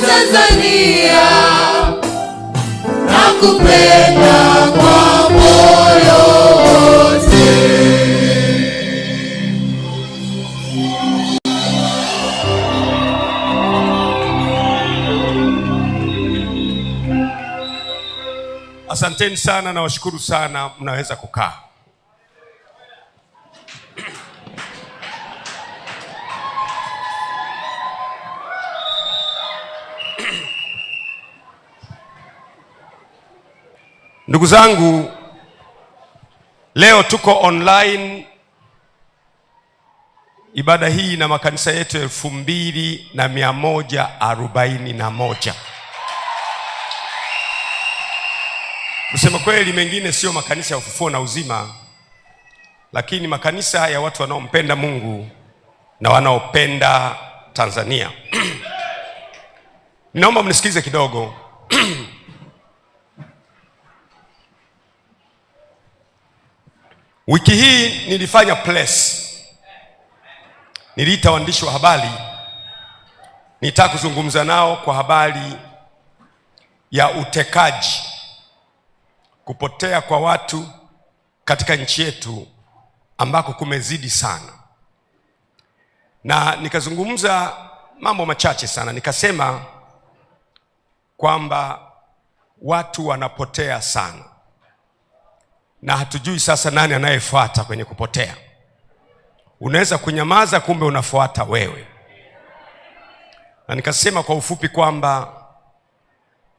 Tanzania nakupenda kwa moyo wote. Asanteni sana, nawashukuru sana, mnaweza kukaa. Ndugu zangu, leo tuko online ibada hii na makanisa yetu elfu mbili na mia moja arobaini na moja. Kusema kweli, mengine sio makanisa ya ufufuo na uzima, lakini makanisa ya watu wanaompenda Mungu na wanaopenda Tanzania. Ninaomba mnisikize kidogo Wiki hii nilifanya press, niliita waandishi wa habari, nitaka kuzungumza nao kwa habari ya utekaji, kupotea kwa watu katika nchi yetu ambako kumezidi sana, na nikazungumza mambo machache sana. Nikasema kwamba watu wanapotea sana na hatujui sasa nani anayefuata kwenye kupotea. Unaweza kunyamaza, kumbe unafuata wewe. Na nikasema kwa ufupi kwamba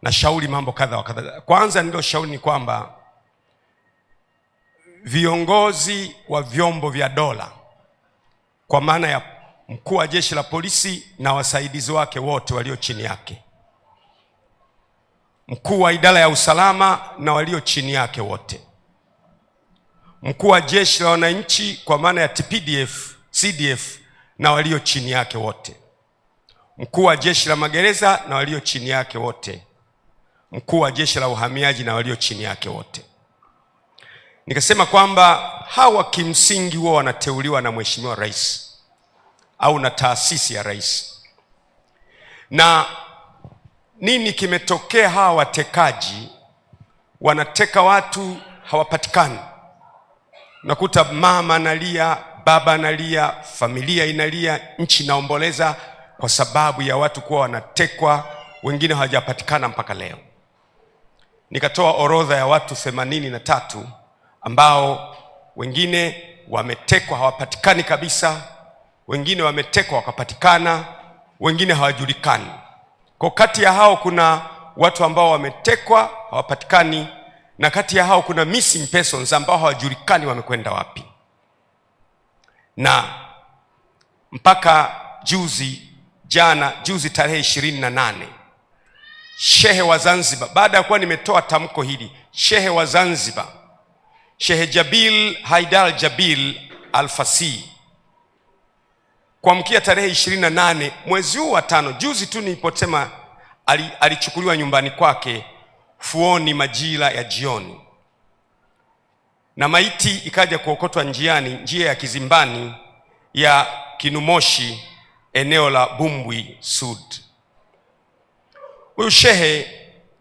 nashauri mambo kadha wa kadha. Kwanza nililoshauri ni kwamba viongozi wa vyombo vya dola kwa maana ya mkuu wa jeshi la polisi na wasaidizi wake wote walio chini yake, mkuu wa idara ya usalama na walio chini yake wote mkuu wa jeshi la wananchi kwa maana ya TPDF, CDF na walio chini yake wote, mkuu wa jeshi la magereza na walio chini yake wote, mkuu wa jeshi la uhamiaji na walio chini yake wote. Nikasema kwamba hawa kimsingi huwa wanateuliwa na mheshimiwa rais au na taasisi ya rais. Na nini kimetokea? Hawa watekaji wanateka watu, hawapatikani Nakuta mama analia, baba analia, familia inalia, nchi inaomboleza kwa sababu ya watu kuwa wanatekwa, wengine hawajapatikana mpaka leo. Nikatoa orodha ya watu themanini na tatu ambao wengine wametekwa hawapatikani kabisa, wengine wametekwa wakapatikana, wengine hawajulikani. Kwa kati ya hao kuna watu ambao wametekwa hawapatikani na kati ya hao kuna missing persons ambao hawajulikani wamekwenda wapi, na mpaka juzi jana, juzi tarehe ishirini na nane shehe wa Zanzibar, baada ya kuwa nimetoa tamko hili, shehe wa Zanzibar, Shehe Jabil Haidar Jabil Alfasi kuamkia tarehe ishirini na nane mwezi huu wa tano, juzi tu niliposema, alichukuliwa nyumbani kwake fuoni majira ya jioni, na maiti ikaja kuokotwa njiani, njia ya Kizimbani ya Kinumoshi, eneo la Bumbwi Sud. Huyu Shehe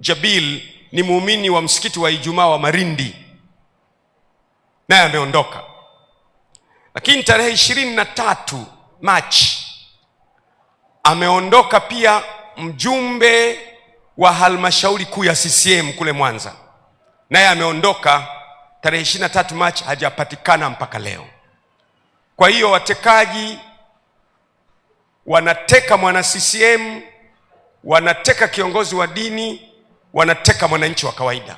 Jabil ni muumini wa msikiti wa Ijumaa wa Marindi, naye ameondoka. Lakini tarehe ishirini na tatu Machi ameondoka pia mjumbe wa halmashauri kuu ya CCM kule Mwanza, naye ameondoka tarehe 23 Machi, hajapatikana mpaka leo. Kwa hiyo watekaji wanateka mwana CCM, wanateka kiongozi wa dini, wanateka mwananchi wa kawaida.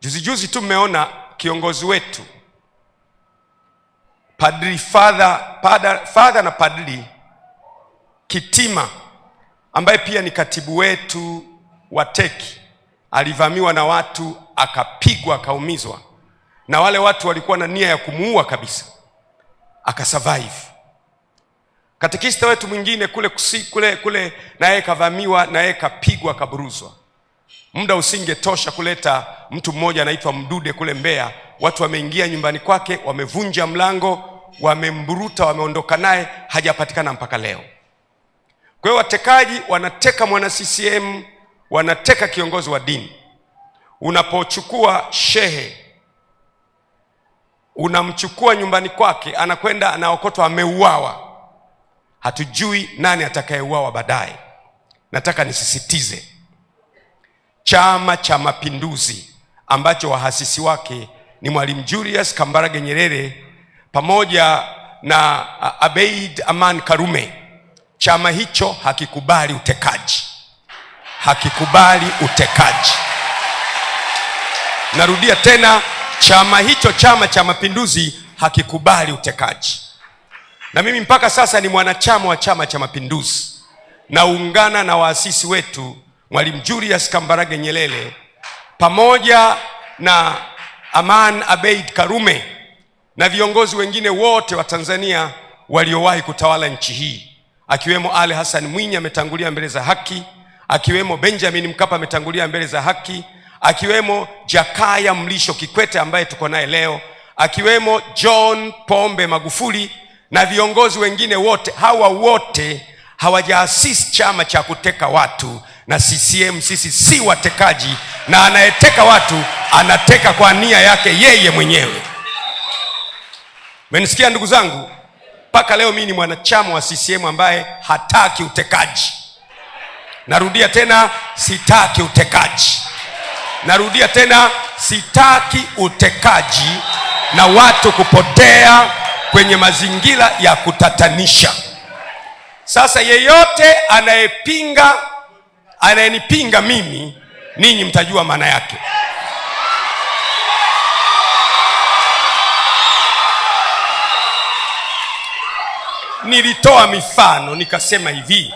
Juzi juzi tu mmeona kiongozi wetu padri father, father na padri Kitima ambaye pia ni katibu wetu wa teki alivamiwa na watu akapigwa akaumizwa, na wale watu walikuwa na nia ya kumuua kabisa, akasurvive. katikista wetu mwingine kule kusi, kule kule naye kavamiwa naye kapigwa akaburuzwa. Muda usingetosha kuleta mtu mmoja anaitwa Mdude kule Mbeya, watu wameingia nyumbani kwake, wamevunja mlango, wamemburuta, wameondoka naye, hajapatikana mpaka leo. Kwa hiyo watekaji wanateka mwana CCM, wanateka kiongozi wa dini. Unapochukua shehe, unamchukua nyumbani kwake, anakwenda anaokotwa, ameuawa. Hatujui nani atakayeuawa baadaye. Nataka nisisitize, Chama cha Mapinduzi ambacho wahasisi wake ni Mwalimu Julius Kambarage Nyerere pamoja na Abeid Aman Karume Chama hicho hakikubali utekaji, hakikubali utekaji. Narudia tena, chama hicho, Chama cha Mapinduzi, hakikubali utekaji. Na mimi mpaka sasa ni mwanachama wa Chama cha Mapinduzi, naungana na waasisi wetu Mwalimu Julius Kambarage nyelele pamoja na Aman Abeid Karume na viongozi wengine wote wa Tanzania waliowahi kutawala nchi hii akiwemo Ali Hassan Mwinyi ametangulia mbele za haki, akiwemo Benjamin Mkapa ametangulia mbele za haki, akiwemo Jakaya Mlisho Kikwete ambaye tuko naye leo, akiwemo John Pombe Magufuli na viongozi wengine wote. Hawa wote hawajaasisi chama cha kuteka watu na CCM. Sisi si watekaji, na anayeteka watu anateka kwa nia yake yeye mwenyewe. Menisikia ndugu zangu? mpaka leo mimi ni mwanachama wa CCM ambaye hataki utekaji. Narudia tena, sitaki utekaji. Narudia tena, sitaki utekaji na watu kupotea kwenye mazingira ya kutatanisha. Sasa yeyote anayepinga, anayenipinga mimi, ninyi mtajua maana yake. nilitoa mifano nikasema hivi,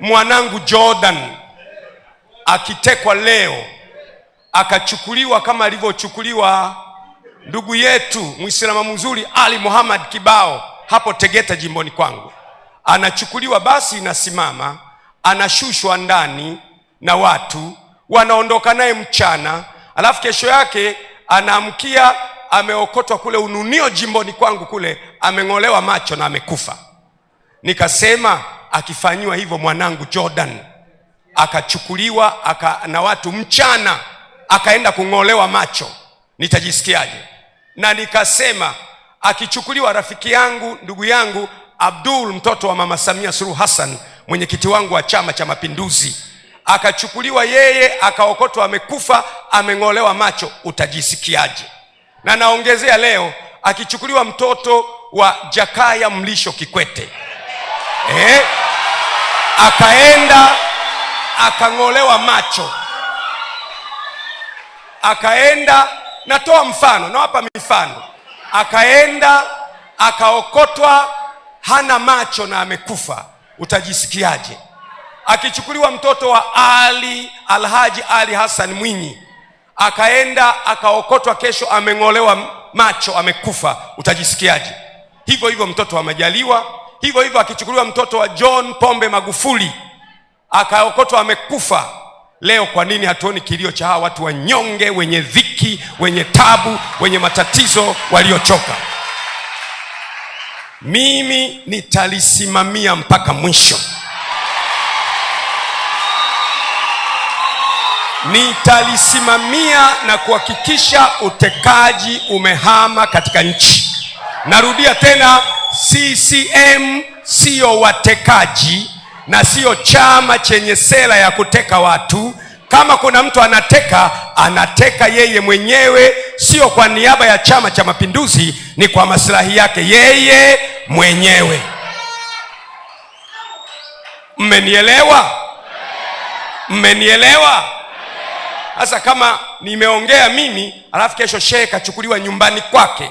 mwanangu Jordan akitekwa leo akachukuliwa kama alivyochukuliwa ndugu yetu Muislamu mzuri Ali Muhammad Kibao hapo Tegeta jimboni kwangu, anachukuliwa basi inasimama, anashushwa ndani na watu wanaondoka naye mchana, alafu kesho yake anaamkia ameokotwa kule Ununio, jimboni kwangu kule, ameng'olewa macho na amekufa. Nikasema akifanyiwa hivyo mwanangu Jordan akachukuliwa aka, na watu mchana akaenda kung'olewa macho nitajisikiaje? Na nikasema akichukuliwa rafiki yangu ndugu yangu Abdul mtoto wa mama Samia Suluhu Hassan mwenyekiti wangu wa Chama cha Mapinduzi akachukuliwa yeye akaokotwa amekufa ameng'olewa macho, utajisikiaje? na naongezea leo akichukuliwa mtoto wa Jakaya Mlisho Kikwete eh, akaenda akang'olewa macho, akaenda, natoa mfano, nawapa mifano, akaenda akaokotwa hana macho na amekufa, utajisikiaje? Akichukuliwa mtoto wa Ali Alhaji Ali Hassan Mwinyi akaenda akaokotwa, kesho ameng'olewa macho, amekufa, utajisikiaje? Hivyo hivyo mtoto amejaliwa hivyo hivyo akichukuliwa mtoto wa John Pombe Magufuli akaokotwa, amekufa. Leo kwa nini hatuoni kilio cha hawa watu wanyonge, wenye dhiki, wenye tabu, wenye matatizo, waliochoka? Mimi nitalisimamia mpaka mwisho. nitalisimamia na kuhakikisha utekaji umehama katika nchi. Narudia tena, CCM siyo watekaji na siyo chama chenye sera ya kuteka watu. Kama kuna mtu anateka, anateka yeye mwenyewe, sio kwa niaba ya Chama cha Mapinduzi, ni kwa maslahi yake yeye mwenyewe. Mmenielewa? Mmenielewa? hasa kama nimeongea mimi alafu kesho shehe kachukuliwa nyumbani kwake,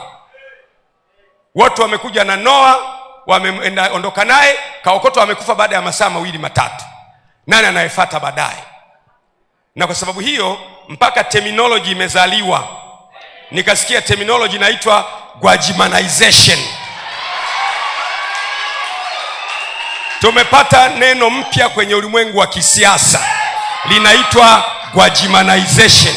watu wamekuja na Noa wameenda ondoka naye kaokoto wamekufa baada ya masaa mawili matatu. Nani anayefuata baadaye? Na kwa sababu hiyo mpaka terminology imezaliwa, nikasikia terminology inaitwa Gwajimanization. Tumepata neno mpya kwenye ulimwengu wa kisiasa linaitwa Gwajimanization.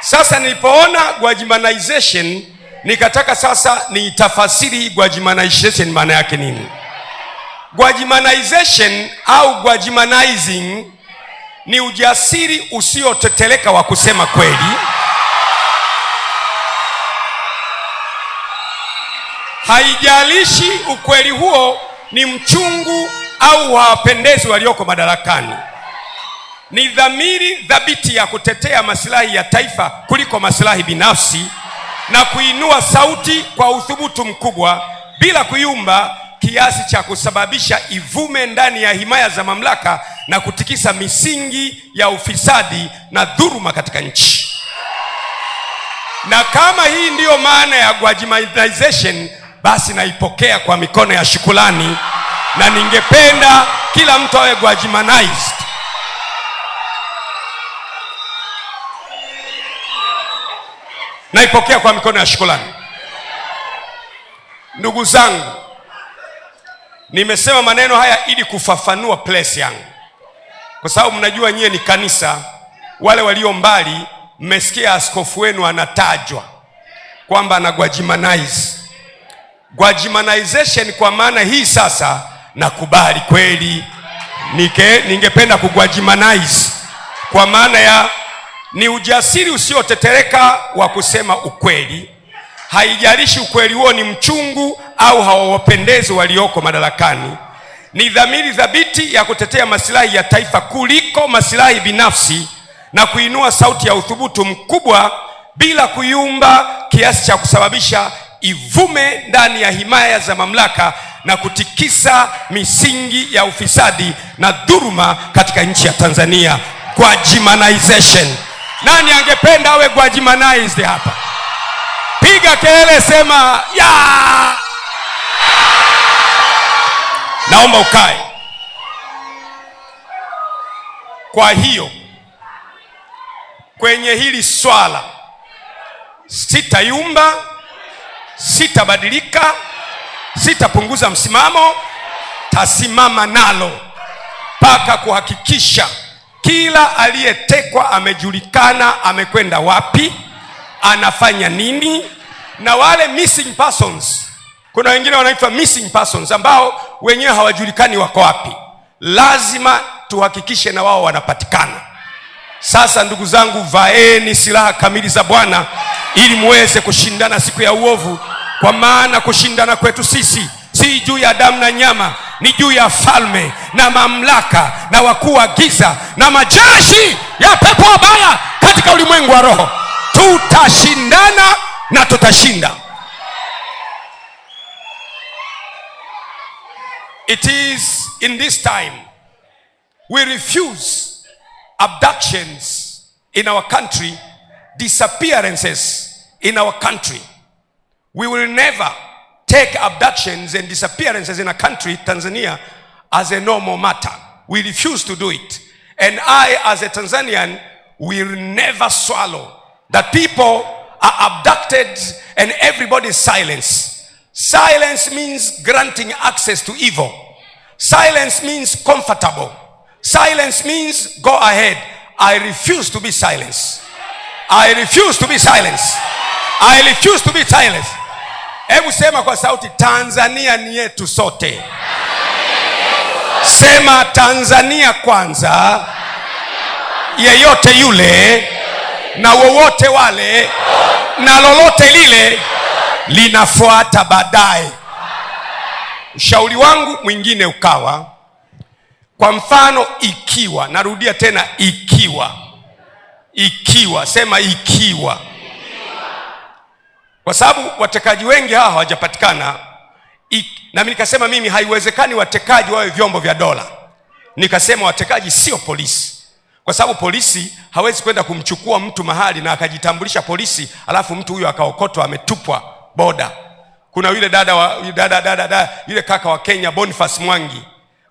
Sasa nilipoona Gwajimanization nikataka sasa niitafasiri Gwajimanization maana yake nini? Gwajimanization au Gwajimanizing ni ujasiri usioteteleka wa kusema kweli. Haijalishi ukweli huo ni mchungu au hawapendezi walioko madarakani ni dhamiri thabiti ya kutetea maslahi ya taifa kuliko maslahi binafsi na kuinua sauti kwa uthubutu mkubwa bila kuyumba kiasi cha kusababisha ivume ndani ya himaya za mamlaka na kutikisa misingi ya ufisadi na dhuruma katika nchi. Na kama hii ndiyo maana ya Gwajimaization, basi naipokea kwa mikono ya shukulani na ningependa kila mtu awe Gwajimanized. naipokea kwa mikono ya shukrani. Ndugu zangu, nimesema maneno haya ili kufafanua place yangu, kwa sababu mnajua nyie ni kanisa. Wale walio mbali, mmesikia askofu wenu anatajwa kwamba anagwajimanize Gwajimanization kwa maana hii sasa, nakubali kweli, ningependa kugwajimanize kwa maana ya ni ujasiri usiotetereka wa kusema ukweli, haijalishi ukweli huo ni mchungu au hawawapendezi walioko madarakani. Ni dhamiri thabiti ya kutetea masilahi ya taifa kuliko masilahi binafsi na kuinua sauti ya uthubutu mkubwa bila kuyumba kiasi cha kusababisha ivume ndani ya himaya za mamlaka na kutikisa misingi ya ufisadi na dhuruma katika nchi ya Tanzania kwa Jimanization. Nani angependa awe Gwajimanized hapa? Piga kelele, sema ya! Naomba ukae. Kwa hiyo kwenye hili swala sitayumba, sitabadilika, sitapunguza msimamo, tasimama nalo mpaka kuhakikisha kila aliyetekwa amejulikana amekwenda wapi, anafanya nini, na wale missing persons, kuna wengine wanaitwa missing persons ambao wenyewe hawajulikani wako wapi, lazima tuhakikishe na wao wanapatikana. Sasa ndugu zangu, vaeni silaha kamili za Bwana ili muweze kushindana siku ya uovu, kwa maana kushindana kwetu sisi si juu ya damu na nyama, ni juu ya falme na mamlaka na wakuu wa giza na majeshi ya pepo wabaya katika ulimwengu wa roho. Tutashindana na tutashinda. It is in this time we refuse abductions in our country, disappearances in our country. We will never take abductions and disappearances in a country, Tanzania, as a normal matter. We refuse to do it. And I, as a Tanzanian, will never swallow that people are abducted and everybody's silence. Silence means granting access to evil. Silence means comfortable. Silence means go ahead. I refuse to be silenced. I refuse to be silenced. I refuse to be silenced. Hebu sema kwa sauti, Tanzania ni yetu sote. Sema Tanzania kwanza, yeyote yule na wowote wale na lolote lile linafuata baadaye. Ushauri wangu mwingine ukawa, kwa mfano, ikiwa, narudia tena, ikiwa, ikiwa, sema ikiwa kwa sababu watekaji wengi hawa hawajapatikana, nami nikasema mimi haiwezekani watekaji wawe vyombo vya dola. Nikasema watekaji sio polisi, kwa sababu polisi hawezi kwenda kumchukua mtu mahali na akajitambulisha polisi, alafu mtu huyo akaokotwa ametupwa boda. Kuna yule dada wa, yule, dada, dada, dada, yule kaka wa Kenya Boniface Mwangi,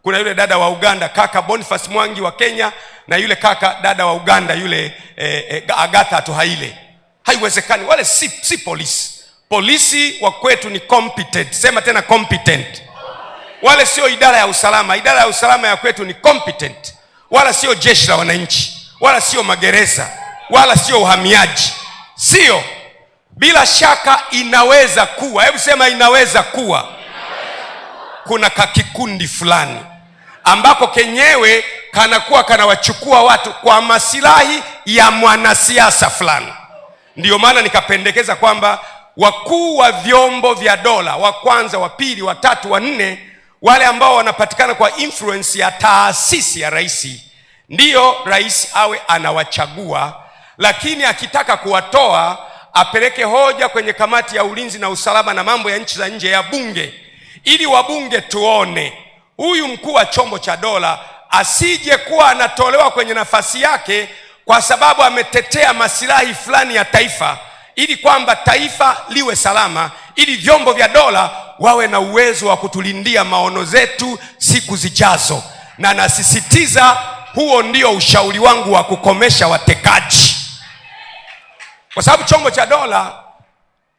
kuna yule dada wa Uganda kaka Boniface Mwangi wa Kenya, na yule kaka dada wa Uganda yule eh, eh, Agatha tuhaile haiwezekani. Wale si, si polisi. Polisi wa kwetu ni competent. Sema tena competent. Wale sio idara ya usalama. Idara ya usalama ya kwetu ni competent, wala sio jeshi la wananchi, wala sio magereza, wala sio uhamiaji. Sio, bila shaka inaweza kuwa, hebu sema inaweza kuwa, inaweza kuwa kuna kakikundi fulani ambako kenyewe kanakuwa kanawachukua watu kwa masilahi ya mwanasiasa fulani Ndiyo maana nikapendekeza kwamba wakuu wa vyombo vya dola wa kwanza, wa pili, wa tatu, wa nne, wale ambao wanapatikana kwa influence ya taasisi ya rais, ndiyo rais awe anawachagua, lakini akitaka kuwatoa apeleke hoja kwenye kamati ya ulinzi na usalama na mambo ya nchi za nje ya bunge, ili wabunge tuone huyu mkuu wa chombo cha dola asije kuwa anatolewa kwenye nafasi yake kwa sababu ametetea masilahi fulani ya taifa, ili kwamba taifa liwe salama, ili vyombo vya dola wawe na uwezo wa kutulindia maono zetu siku zijazo. Na nasisitiza, huo ndio ushauri wangu wa kukomesha watekaji, kwa sababu chombo cha dola,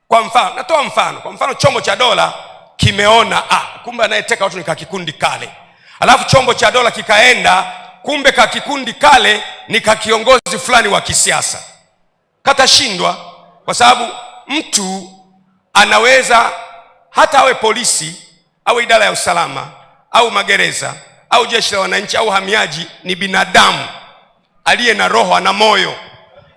kwa mfano, natoa mfano, kwa mfano chombo cha dola kimeona ah, kumbe anayeteka watu ni kikundi kale, alafu chombo cha dola kikaenda kumbe ka kikundi kale ni ka kiongozi fulani wa kisiasa, katashindwa kwa sababu mtu anaweza hata awe polisi au idara ya usalama au magereza au jeshi la wananchi au hamiaji, ni binadamu aliye na roho, ana moyo.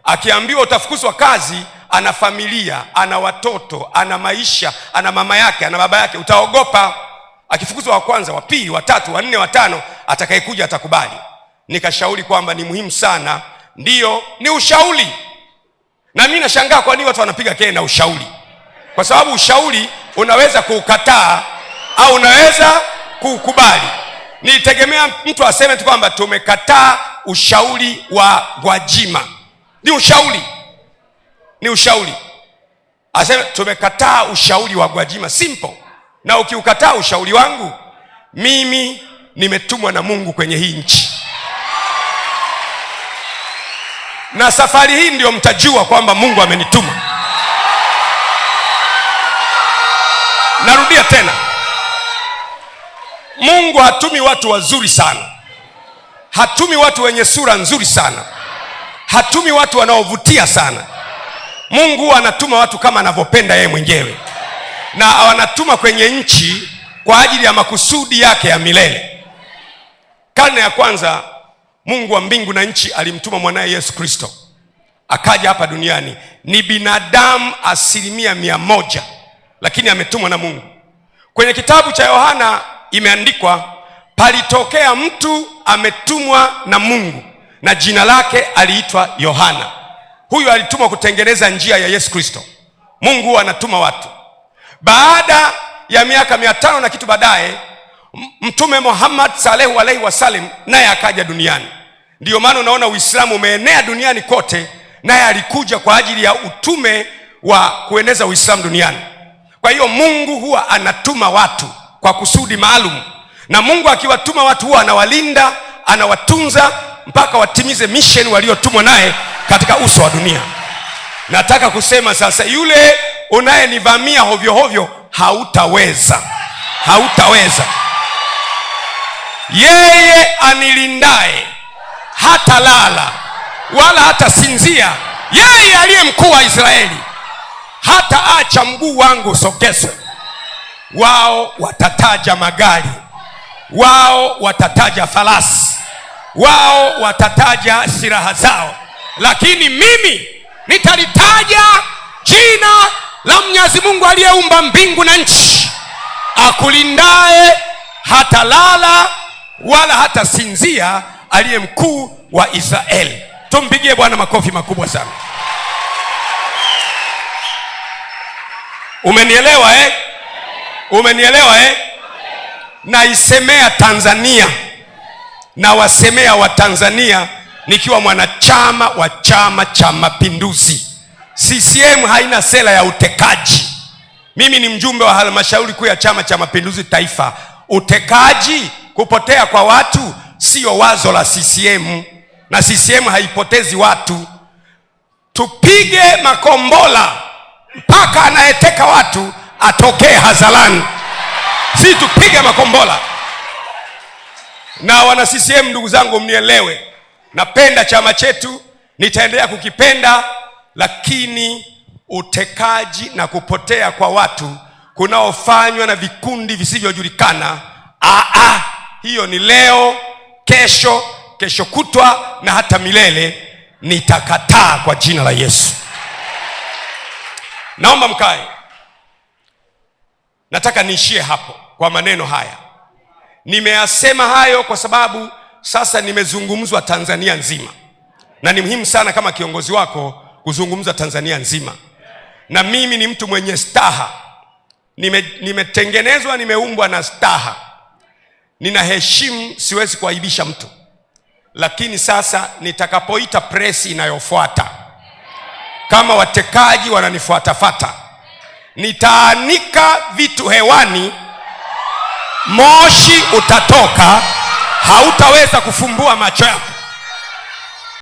Akiambiwa utafukuzwa kazi, ana familia, ana watoto, ana maisha, ana mama yake, ana baba yake, utaogopa. Akifukuzwa wa kwanza, wa pili, wa tatu, wa nne, wa tano, atakayekuja atakubali nikashauri kwamba ni muhimu sana, ndiyo ni ushauri. Na mimi nashangaa kwa nini watu wanapiga kelele na ushauri, kwa sababu ushauri unaweza kuukataa au unaweza kuukubali. nitegemea mtu aseme tu kwamba tumekataa ushauri wa Gwajima, ni ushauri, ni ushauri. Aseme tumekataa ushauri wa Gwajima, simple. Na ukiukataa ushauri wangu mimi nimetumwa na Mungu kwenye hii nchi na safari hii ndio mtajua kwamba mungu amenituma narudia tena mungu hatumi watu wazuri sana hatumi watu wenye sura nzuri sana hatumi watu wanaovutia sana mungu huwa anatuma watu kama anavyopenda yeye mwenyewe na wanatuma kwenye nchi kwa ajili ya makusudi yake ya milele karne ya kwanza Mungu wa mbingu na nchi alimtuma mwanaye Yesu Kristo akaja hapa duniani. Ni binadamu asilimia mia moja, lakini ametumwa na Mungu. Kwenye kitabu cha Yohana imeandikwa, palitokea mtu ametumwa na Mungu na jina lake aliitwa Yohana. Huyu alitumwa kutengeneza njia ya Yesu Kristo. Mungu huwa anatuma watu. Baada ya miaka mia tano na kitu baadaye, Mtume Muhammad salehu alaihi wasalem naye akaja duniani. Ndiyo maana unaona Uislamu umeenea duniani kote, naye alikuja kwa ajili ya utume wa kueneza Uislamu duniani. Kwa hiyo Mungu huwa anatuma watu kwa kusudi maalum, na Mungu akiwatuma watu huwa anawalinda, anawatunza mpaka watimize misheni waliotumwa naye katika uso wa dunia. Nataka kusema sasa, yule unayenivamia hovyo hovyo, hautaweza, hautaweza. Yeye anilindaye hata lala wala hata sinzia yeye aliye mkuu wa Israeli hata acha mguu wangu sogezo. Wao watataja magari, wao watataja farasi, wao watataja silaha zao, lakini mimi nitalitaja jina la mnyazi Mungu aliyeumba mbingu na nchi, akulindaye lala wala hata sinzia aliye mkuu wa Israeli. Tumpigie Bwana makofi makubwa sana. Umenielewa eh? Umenielewa eh? Naisemea Tanzania na wasemea wa Tanzania nikiwa mwanachama wa Chama cha Mapinduzi. CCM haina sera ya utekaji. Mimi ni mjumbe wa halmashauri kuu ya Chama cha Mapinduzi taifa. Utekaji, kupotea kwa watu siyo wazo la CCM na CCM haipotezi watu. Tupige makombola mpaka anayeteka watu atokee hadharani, si tupige makombola. Na wana CCM, ndugu zangu, mnielewe, napenda chama chetu, nitaendelea kukipenda, lakini utekaji na kupotea kwa watu kunaofanywa na vikundi visivyojulikana, a, hiyo ni leo kesho, kesho kutwa na hata milele nitakataa kwa jina la Yesu. Naomba mkae. Nataka niishie hapo kwa maneno haya. Nimeyasema hayo kwa sababu sasa nimezungumzwa Tanzania nzima, na ni muhimu sana kama kiongozi wako kuzungumza Tanzania nzima, na mimi ni mtu mwenye staha, nimetengenezwa, nime nimeumbwa na staha nina heshimu siwezi kuaibisha mtu, lakini sasa nitakapoita presi inayofuata kama watekaji wananifuatafata, nitaanika vitu hewani, moshi utatoka, hautaweza kufumbua macho yako.